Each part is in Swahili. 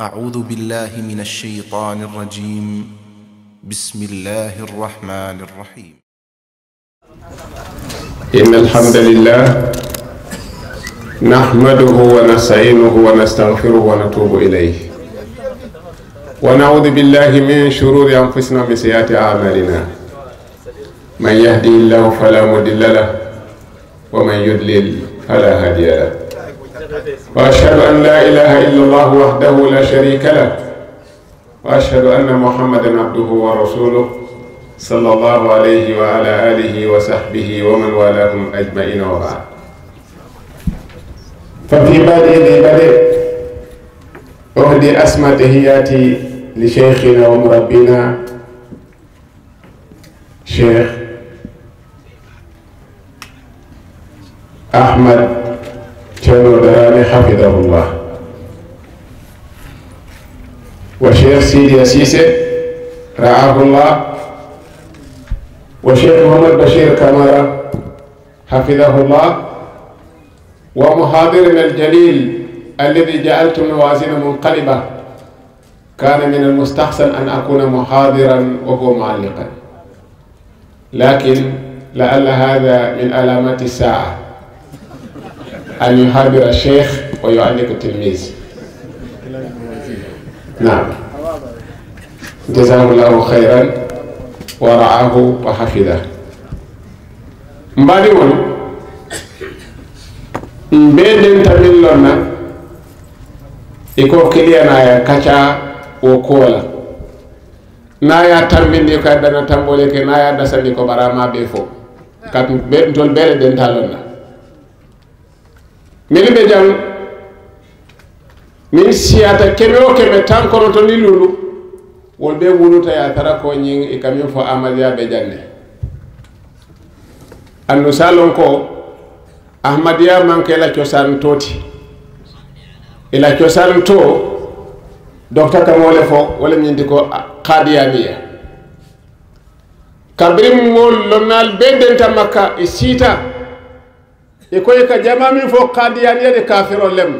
أعوذ بالله من الشيطان الرجيم بسم الله الرحمن الرحيم إن الحمد لله نحمده ونستعينه ونستغفره ونتوب إليه ونعوذ بالله من شرور أنفسنا ومن سيئات أعمالنا من يهدي الله فلا مضل له ومن يضلل فلا هادي له وأشهد أن لا إله إلا الله وحده لا شريك له وأشهد أن محمدا عبده ورسوله صلى الله عليه وعلى آله وصحبه ومن والاهم أجمعين وبعد ففي بادئ ذي بدء أهدي أسمى تهياتي لشيخنا ومربينا شيخ أحمد الغالي حفظه الله وشيخ سيدي السيسي رعاه الله وشيخ محمد بشير كمارة حفظه الله ومحاضرنا الجليل الذي جعلت موازين منقلبة كان من المستحسن أن أكون محاضرا وهو معلقا لكن لعل هذا من علامات الساعه أن يحاضر oyo ويعلق tilmizi nam جزاه الله خيرا wa وحفظه mbaɗi won mbe denta min lonna iko kiliyanaya kaca wo koola naya tambindi ko addana tambole ke naya dasandi ko ɓarama ɓe fo katu ɓe tol ɓeɗe denta lonna meni ɓe jam min siyata keme o keme tan konoto ni lulu wol ɓe wuluta ya tara ko ñin e kamin fo amadiya ɓe janne annu salon ko ahmadiya manke ila cosan toti ila cosan to docteur kam wole fo wala ñinti ko kadiyamiya kabrim ngol lonnal be denta makka e siita e ka jama min fo kadiyaniyade kafiro lem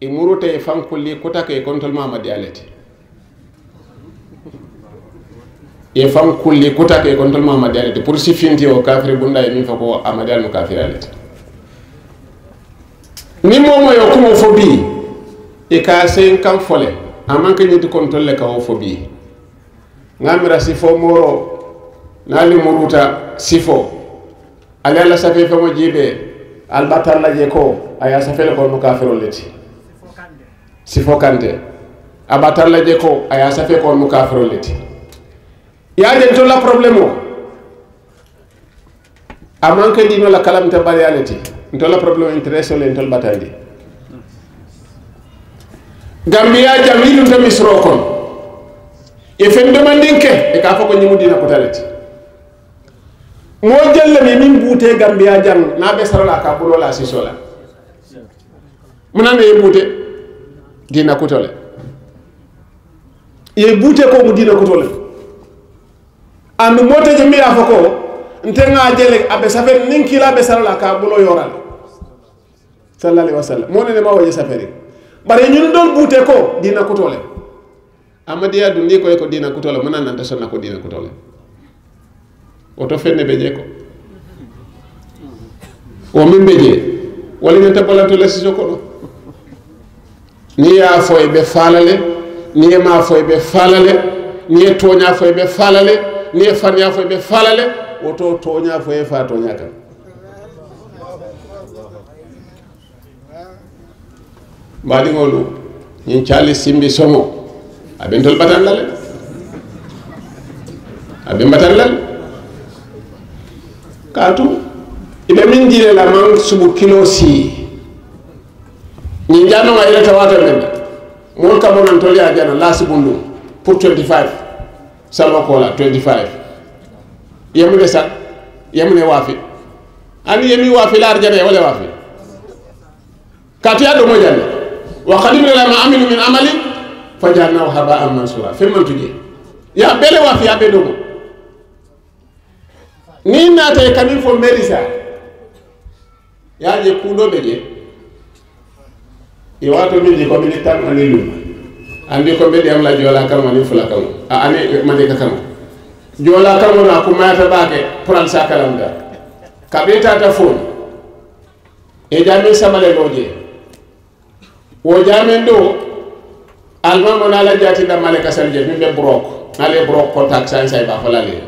e fankuli e fankulli kutake e kontol mamadi alete e fankulli kutake e kontol mamadi alete pour si finti o kafiri bunda e min fo ko amadi almo kafiri alete ni momo yo kumo fo bi e ka sen kan fole aman ka ñiti kontol le ka wo fo bi ngamira sifo moro naali muruta sifo ala la safe feŋo jiibe albatar la je ko a safe le konno kafirol le ti sifo kante a batar la je ko a ye a safe konno kafirol le ti ye a jento la problemo a man ke diino la kalamita bariya le ti nto la problemo interesse le ntol batandi gambiya jam yilunta misiro e fen domandin ke e ka fo ko ñimu moo jël la mi min buutee gambiya jang naa be sarola ka buloo la siso la mu nan ye buute diina kuto le ye buute ko mu diina kuto le andu moo teje mi yaa fo ko nte ŋa jele abe saferi niŋ kila be sarola ka buloo yora le sallallahu wa sallam moo ne ne ma waje saferi bari ñun doon buute ko diina kuto le amadiya dundi ko ko diina kuto le mu nan nanta sonna ko diina kuto le oto fenne ɓe ko o min jee je ñanta tabbalanto lasiso koɗo ni ya foy be falale ni ye ma foy be falale ni ye toña foy be falale ni ye fanya foy be falale woto toña foye fa toña kan mbaɗigolu ñin cali simbi somo aɓen tol ɓatan lale aɓe kaatu ibe min jire la man subu kilo si ñin janno nga ila tawata men mol ka bonan toli ajana la sibundu pour 25 salma kola 25 yemu de sa yamu ne wafi ani yemi wafi la arjana wala wafi kaatu ya do mo janna wa qadimna lama amilu min amali fajalnahu haba'an mansura femman tuje ya bele wafi ya be dogo Yaani ni naate kamin fo merisa yaaje kuuɗoɓe je i wato min ji ko mini tan ani lum andi ko mbeɗi am la joola kalma ni fula kalma a ani mani ka kalma joola kalma na ko mayata ɓaake puran sa kalam da ka ɓetata fon e jamin samalego je wo jamin ɗo almamo nala jatinda male kasal je min ɓe brok nale brok contact san say ɓa falale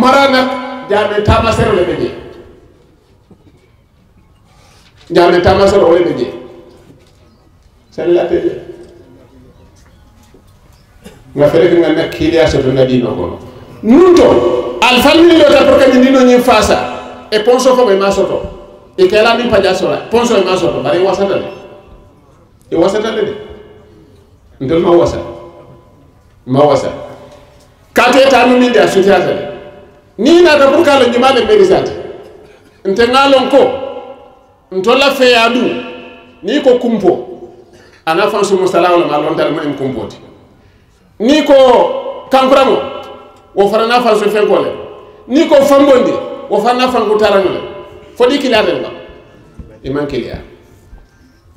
මරණක් ජානේ තමාසර වල දෙන්නේ ජානේ තමාසර වල දෙන්නේ සල්ලාතේ ngafereke nga nga kili aso to dino kono nunto alfalmi lo ta ni dino nyi fasa e ponso ko be soto e kala mi paja sola ponso e masoto bari wasata le e wasata le ndel ma wasa ma wasa kate tanu mi da le ni naata pour la ñimale mbeni sati nte ngalon ko la feya du ni ko kumpo ana fansu musalawo la malon dal ma kumpo ti ni ko kankuraŋo wo farana fansu fenko le ni ko fambondi wo farana fanku tarango le fodi ma ba maŋ kilia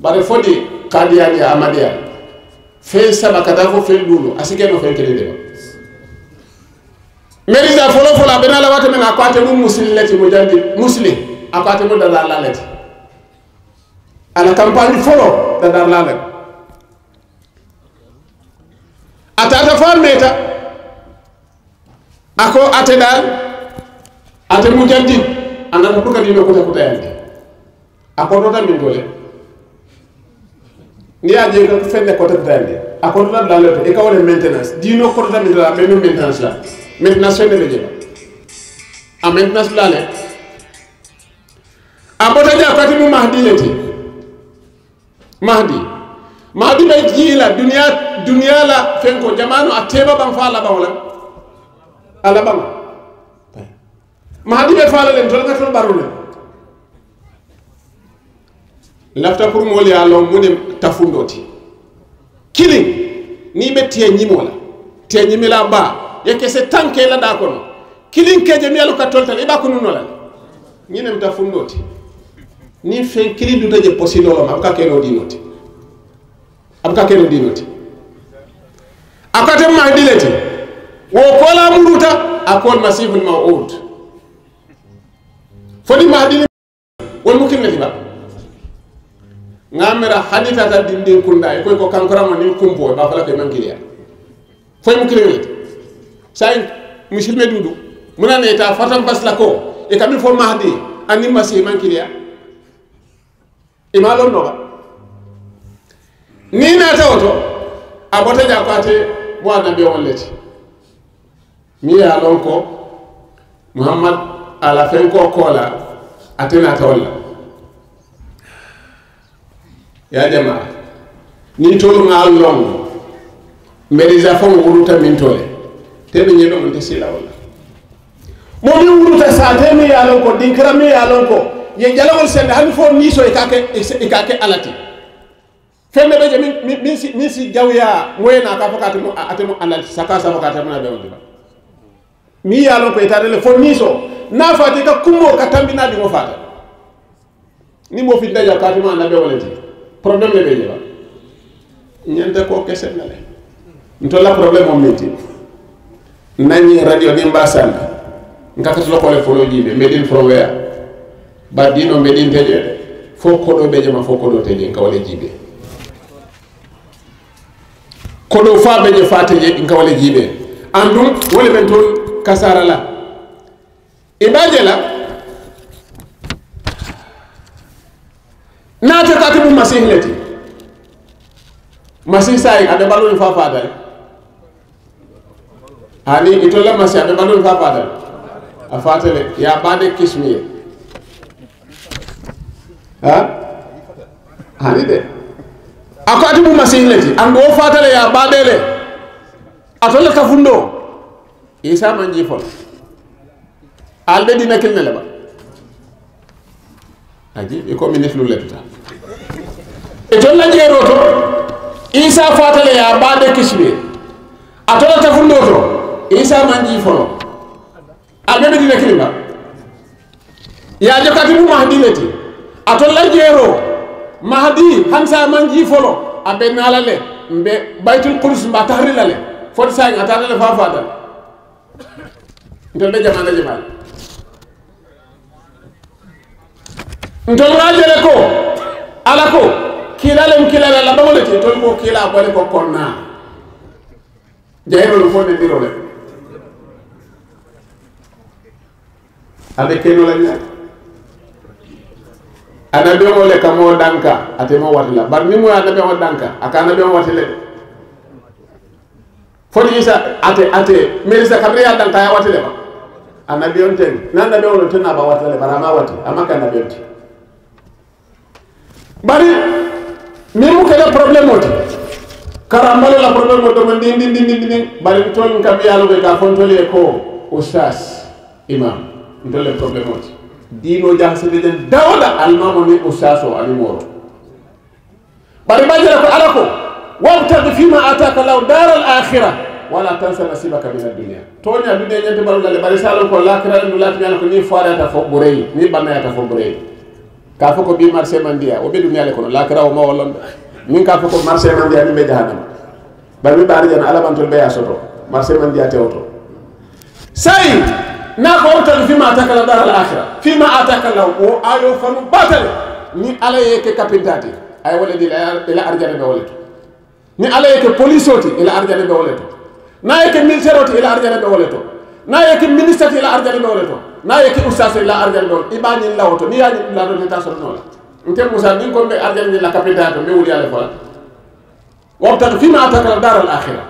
bare fodi kadiya ni amadiya fe sabaka da fo fel dulu asike no fel de ba merisa folo folo a bena la wata men akwate mu muslim lati mu jandi muslim akwate mu dadar la lati ala campagne folo dadar da la lati atata fa meta ako ate dal ate mu jandi anda ko kadi me ko ta ko min dole ni a je ko fenne ko ta yandi ako do dal e ka maintenance dino ko do tan min dole maintenance la maintenance fee ndio jiba a maintenance lale a bota ja kati mu mahdi leti mahdi mahdi be jiila duniya duniya la fenko jamano a teba ban fa la bawla ala ban mahdi be fa la len tol ka tol barule lafta pour mo ya lon munim tafundoti killing ni be tie nyimola tie nyimila ba ya kese tanke la da kono kilin ke kilinkeje mi aluka toltal iba e kunu nola ñine mta fundoti ni fen kilin du je posilo ma ka ke no dinoti am ka ke no dinoti akata ma dileti wo kola muruta akol masihul maud fodi ma dile wol mukimnati ba ngamira hadita ta dindin kunda e koy ko kankora mo ni kumbo e ba fala ke man kiliya mukin mukimnati sayin misilme dudu munane ta fatan basla ko e kamin fo mahdi anni masi mankiriya ima lon noba ni na tawoto a bota jakate bo annabi on leti mi ya lon ko muhammad ala fen ko kola atena tawalla ya jamaa ni tolu ngal lon mbedi jafon wuruta min tole teɓe ñeɓegolde sila walla momin wuruta sate mi yalon ko dinkira mi lon ko ye jalawol sende hani fo niso e kake e kake alati fende ɓe je min min si min si jawya moyena ka fo katemo atemo analyse saka safo ka temna ɓe wondiba mi yalon ko itadele fo niso na fati ka kummo ka tambinaɗi mo fata ni mo fi daja katimo anda ɓe wolenti probléme ɓe jeɓa ñande ko kesenale ntolla probléme o minti nanyi radio ni ɗin mbasanda gakatuɗo kole fono jiiɓe mbeɗin proweya baɗɗino mbeɗin teƴeɗe fo koɗo do teje koɗo wala jibe ko koɗo fa beje fa teje ka wala jibe andum wala woni ɓen toon kasara la iɓaje la naate ta mum masih leti masih sai aɗa balu fa fadani hani itola masi aɓe ɓaɗum fa fatale a fatale ya ɓaade kismiye ha hani de ako ati mu masihi leti andu wo fatale ya ɓaɗele atolle tafundo isa man jifol alde ɗina kilne leɓa aji i ko minitlu letuta e tolla isa fatale ya ɓaade kismiye atola tafundo to isa manji folo alɓeɓe ɗine kiringa yajo katimu mahdi leti la jero mahdi hansa manji folo aɓe nala le mbe baytul kudus mba tahrila le foti sañ atata fa fata ntol ɓe jamana jamana ntol rajele ko ala ko kilalem kilala laɓaŋoleti tol mo kila bole ko konna jeyirolu fo ne ndirole ade keno la ñaay ana beŋo le ka moo danka ate moo wati la bari niŋ mu ye ana danka a ana beŋo wati le foti isa ate ate melisa sa kabiri danka ya watile ba ana beŋo teŋ niŋ ana beŋo lo teŋ na ba watile la le bari a maŋ wati a ka ana beŋo ti bari ni mu kele problem ti karambalo la problemo domo ndin ndin ndin ndin bari ntolu nka miyaalo be ka fo ko ustas imam ndelle probléme o dino jahasideɗen dawda almama min ustas o amin woro ɓaɗe majjere ko ala ko wabtagi fima ataka law daral akhira wala tansa nasibaka min addunia toña duɗe ñante barugal e ɓaɗe salon ko lakira ɗum latimiala ko ni farata fo ɓureyi ni ɓannayata fo ɓureyi ka fo ko bi marché man ndiya o ɓe duniyale kono lakira o ma wallonɓe min ka fo ko marché man ndiya min ɓe jahanama bar min ɓaari jan alaɓantol ɓeya soto marché man ndiya tewto sayi نقول فيما أتاك الله دار الآخرة فيما أتاك الله هو أيو فنو باتل ني على يك كابيداتي أي ولد إلى إلى أرجل بولد ني على يك بوليسوتي إلى أرجل بولد نا يك ميلسيروتي إلى أرجل بولد نا يك مينيستي إلى أرجل بولد نا يك أستاذ إلى أرجل بولد إبان يلا هو تو نيا يعني لا رجل تاسر نولا إنت مسلم كم بأرجل إلى كابيداتي مولي على فلان وقت فيما أتاك الله دار الآخرة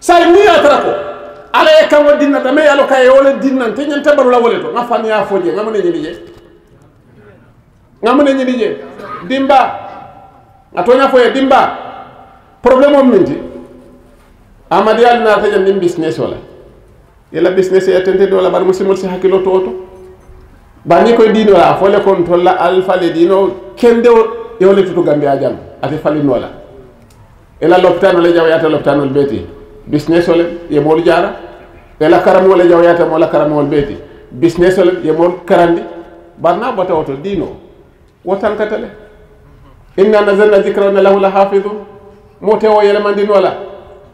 سايني أتركه ala ye kaŋo dinnata me ye a loŋ ka ye wo dinnante ñanta barula wo to ŋa fani fo je ŋa mu ne ñini je ŋa mu ne ñini je dimba ŋa toña fo ye dimba problème o minti amadiyaal naata jan nin business o yela business ye tente do la bari musimol si hakkilo to bani koye diino la a fo le kon tolla alfa le diino kendewo e le tutu gambiya jam ate falinno la ela lopitano le jawayata business ole ye moolu jaara ela karam wala jawyata moo karam wal beeti business ye moolu karandi barna bata woto diino wotankatale inna nazalna dicra wa lahu la hafidun mo tewo yelemandin wala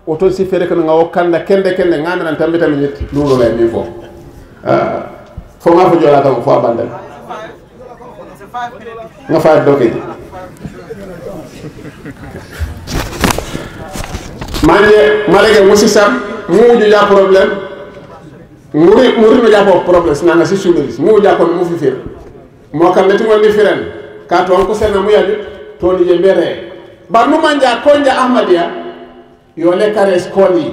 woto si fere kono ngawo kanda kende kende ngamiran tambi tambi ñetti luulo lay min fo ah, fo nga fo jola tan fo abandal nga faat doke manje marege musisam muuju ja problème muri muri no japo problème nanga si suluris mu japo mu fifir mo kam leti wonni firen ka to ko sena mu yadi to ni jembere barnu manja konja ahmadia yole kare skoli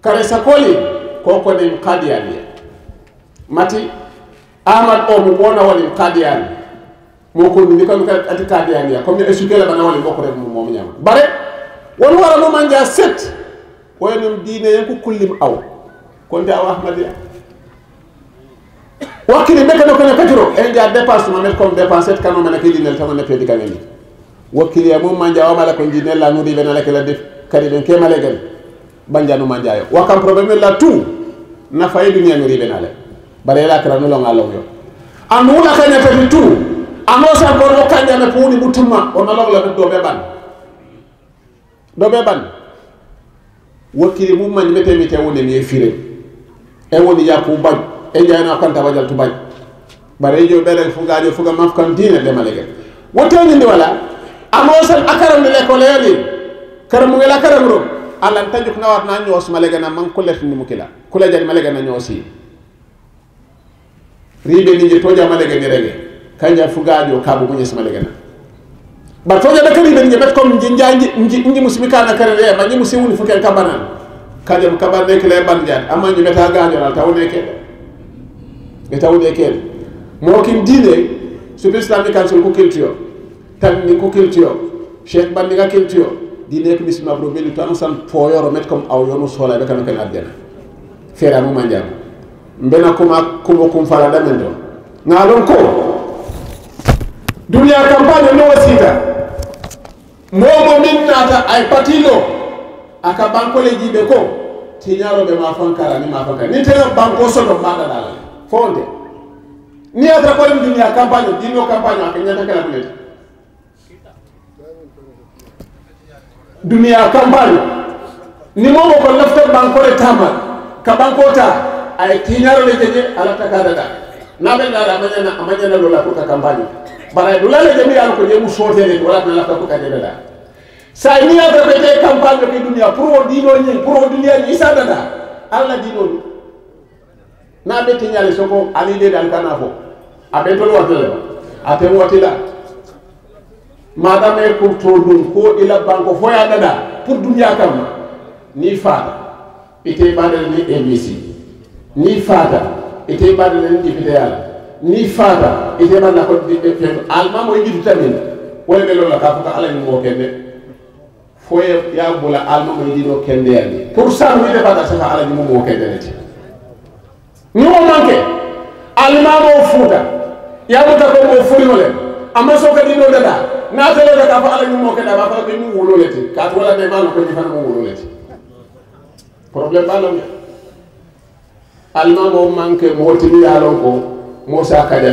kare sakoli ko ni mkadiani mati ahmad o mu bona wali mkadiani mo ko ni ko ati kadiani ko mi esukela na wali bokore mu mom nyam bare won wara man ja set waynum diine ko kullim aw ko nda wahmadiya wakkili ɓe kano kene petro en ja dépense ma met comme dépense et kano mene kidinel tama ne peedi kaneni wakkili a mum man jawamala ko jinel la nuri ɓe nala kela def kadi ɓen kemale gen banjanu man jayo wakkam probléme la tout nafayi duniya nuri ɓe nale bare la kira nulo ngalong yo anu la kene pedi tout ano sa gono kanjame puuni mutumma onalong la do ɓe ban dobe ban wakiri mum man mete mete tewude ni e e woni yakku bañ e jeyna konta wajal to bañ bare jo fuga fugajo fuga mafkan dina ndemalegen wotteñindi wala amosal akaram ne l'école yalin kara wela karam rom alan tajuk na warna ñoos na man ni mukila kula jadi malegana ñoosi ribe ni je toja ni rege kanja fugajo kabu malege na batoja da kari ben ñebet comme nji njanji nji nji musimi kana kare re ma nji musiwu ni fukel kabanan kajam kaban nek le bandiat amma nji meta gaajo na taw ne ken e taw ne mo kin dine su super islamic council ko culture tan ni ko culture cheikh bandiga culture dine ko bisma bro beli tan san poyoro met kom aw yonu sola be kan kan adena fera mo manjam mbena kuma kuma kum fala damendo ngalon ko momo min naata ay batilo aka bankole jiɓe ko tiñaroɓe ma fankara ni ma fankara ni tena banko soto dala fonde ni atra koyem duniya campagne o ɗinno campagne o aka ñatakala ɗumete duniya campagne ni momo ko banko bankole tama ka banko bankota ay le jeje ala takadaɗa naɓelɗaɗa amañana amañana lola pour ka campagne dula le jemi yalla ko jemu sotere wala tan la ko kadde da sa ni ya ko te campagne bi dunia pour di do ni pour di ni isa dada alla di do na be ti nyali soko ali de dal kana fo abe to lo tele ate wotila madame pour to ko ila e banko fo ya da pour dunya kam ni fata ite badal ni abc ni fata ite badal ni dipite ni fada ite man na ko fe alma mo jitu tamin wala be lola ka fuka ala ni mo kende foye ya bula alma mo moy jino kende yani pour ça mi de bata sa ala ni mo kende ne ni mo manke alma mo fuda ya buta ko mo furi wala amma so ka no dada na tele le ka fa ala ni mo kende ba fa ko be mu le ti ka to la be ma ko ni fa mo le ti problème ba lo alma mo manke mo timi ya lon ko wọn sá kájà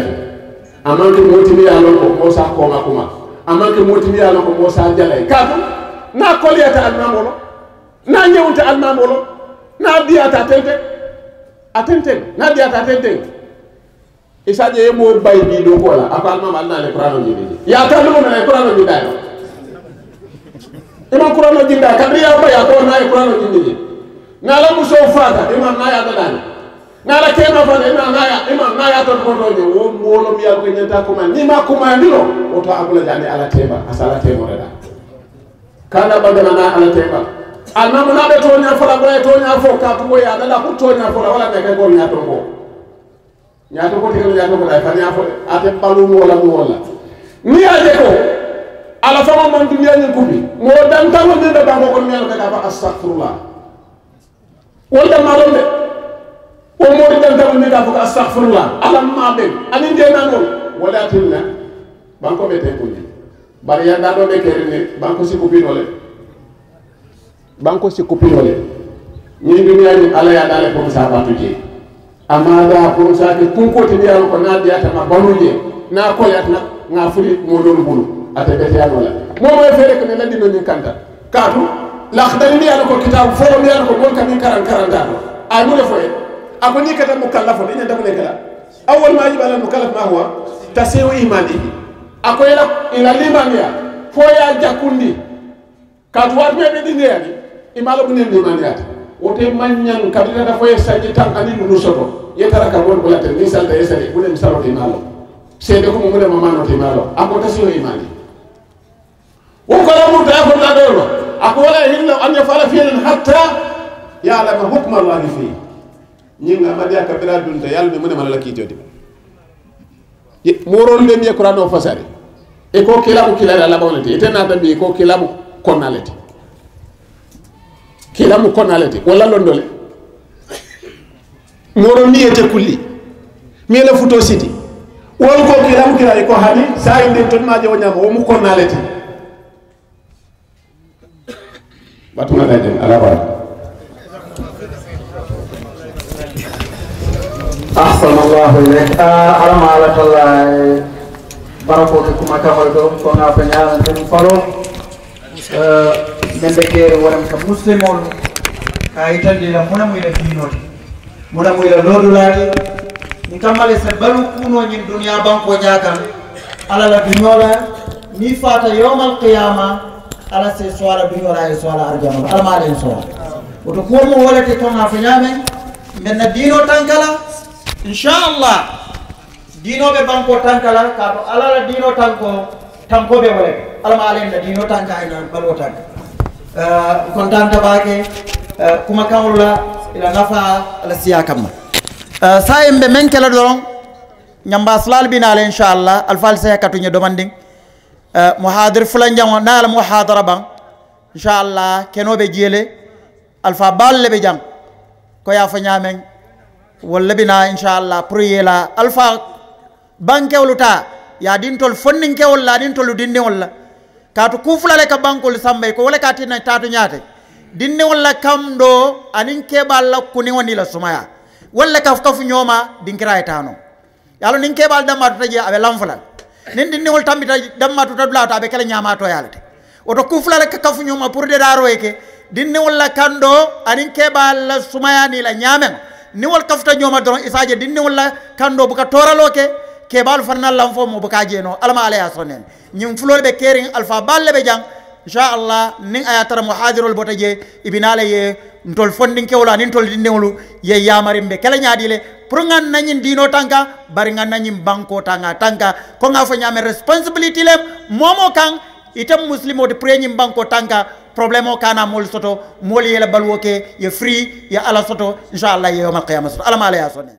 fún amáké Mosa alọkọ wọn sá kọ ọmọkùnmá amáké mọtìmí alọkọ wọn sá jala yìí káàtó náà kọ́lé ẹ̀ta alimamọ́lọ́ náà nyẹ́wò tẹ alimamọ́lọ́ náà di ata tẹ́ntẹ́ atẹ́ntẹ́ náà di ata tẹ́ntẹ́ ìsájẹ́ yẹ mọ́ ba ibi ìdókòó la akọ alimamọ́ alẹ́ nàlẹ́ kúránù yìí nìyí yàtọ̀ alimamọ́ nàlẹ́ kúránù yìí dàyọ̀ ima kurano jinda kabri ya ba ya to na kurano jindi ni na la muso fata ima na ya da dani nala kema fana ima ngaya ima ngaya to ko doje wo molo mi yago nyata ko man ni ma ko ma ndiro o to akula jani ala tema asala tema da kana bande mana ala tema alma mona be to nya fola boy to nya fo ka to ya dala ko to nya fola wala be ka ko nya to ko nya to ko te nya to ko da fa nya fo ate balu mo la mo la ni aje ko ala fama man dunya ni kubi mo dan tawo de da bango ko mi ala ka fa astaghfirullah wala ma don de o moori dantamu ne daa fo ko astahfirullah ala maaɓe anin ndena noon walatinna banko ɓe tenkuñi bari yannda ɗo ɓe keri ni banko si kupin kupinole banko si kupin kupinole ñin duniyaji ala yaɗale pour sa batu je amada pour sake dia ko naadiyatama je na koyatna ga furi mololu bulu ate ɓeteyanola momoye feere ko ne laddino ñin kanta kaatu lakdalindiyano ko kitabu fowomiyano ko gon kamin karan karantato ay mune foye ako ni kata mukallafo ni nyanda kune kala awwal ma yajibu ala mukallaf ma huwa tasiru imanihi ako ila ila limaniya fo ya jakundi katu watu be be dinne yani imalo kune limaniya wote manyan kadira da fo ya saji tan ani soto ye taraka won ko latel ni salda yesale kune misalo de malo sede ko mumule mamano de malo ako tasiru imani woko la mutta ko la dolo ako wala hinna an yafala fi'lan hatta ya'lamu hukma fihi ñinga bira kapira dunta yalla mi mune mala kiitodi morol be miye kurano fasari e ko kilabu kilala la bonati itena tabi ko kilabu konalati kilabu konalati wala londole morol ni ete kulli mi la futo siti wol ko kilabu kila ko hali sa inde ton ma jaw nyama wo mu konalati batuma dajel ala Assalamualaikum. ilayk eh, arama ala tallahi barakoto kuma kahoy ɗo ko ngapa ñalanten falo eh, men ɓeggere wonam ka muslim on kay tandira mona muyla finode mona muyla lodulade min kammale se balu kunoñin duniya banko ala la duñola ni fata qiyama ala se soala duñola e soala arjamal alamaɗen soa woto kuwomo wolete konga feñamen mbenna dino tan inchallah diinoɓe banko tankala ka to alala diino tanko tankoɓe wole alama alenna diino tanka ayna balwo tanka kon tanta baake kuma kawla ila nafa ala siya kamma sa yimɓe men kela ɗon ñamba slal binale inchallah alfalsa katuñe domandin muhadir fulan jango naala muhadara ban inchallah kenoɓe jeele alpha balle ɓe jang ko yaafo ñamen walla bina inchallah prier la alpha bankewolu ta ya dintol fonninkewol la dintolu dindiŋol la kaatu kufulale ka bankol samba ko wala ka tina tatu nyate dindiŋol la kam ɗo aniŋ la kuni ni la sumaya walla kaf kafu ñooma dinkira ye taano yalo niŋ keɓal dammatuta je aɓe lanfulal niŋ dindiŋol tambita dammatuta dulato aɓe kela ñamatoyale te woto kufulale ka kafu ñooma pour dedaro ye ke dindiŋol la kando ɗo aniŋ keɓal la sumaya ni la ñameŋo ni niwol kafta ñoma doron isaje dinniwol la kando buka toraloke ke keɓalu fanana lanfo mo buka jeno alama alaya sonen ñin fulol ɓe kerin alfa balle ɓe jang inchallah nin aya tara mo hadirol bota je ibinala ye ntol fondinkewolu anin tol dinniwolu ye yamarin ɓe kele ñaadile pour ngan nañin dino tanka bari ngan nañin banko tanga tanka ko nga fo ñamen responsibility le momo kan itam muslimo de pour ñin banko tanka problemo kana mol soto mol yela balwoke ye free ya ala soto inshallah ye yawmal qiyamah soto ala ma ya sonne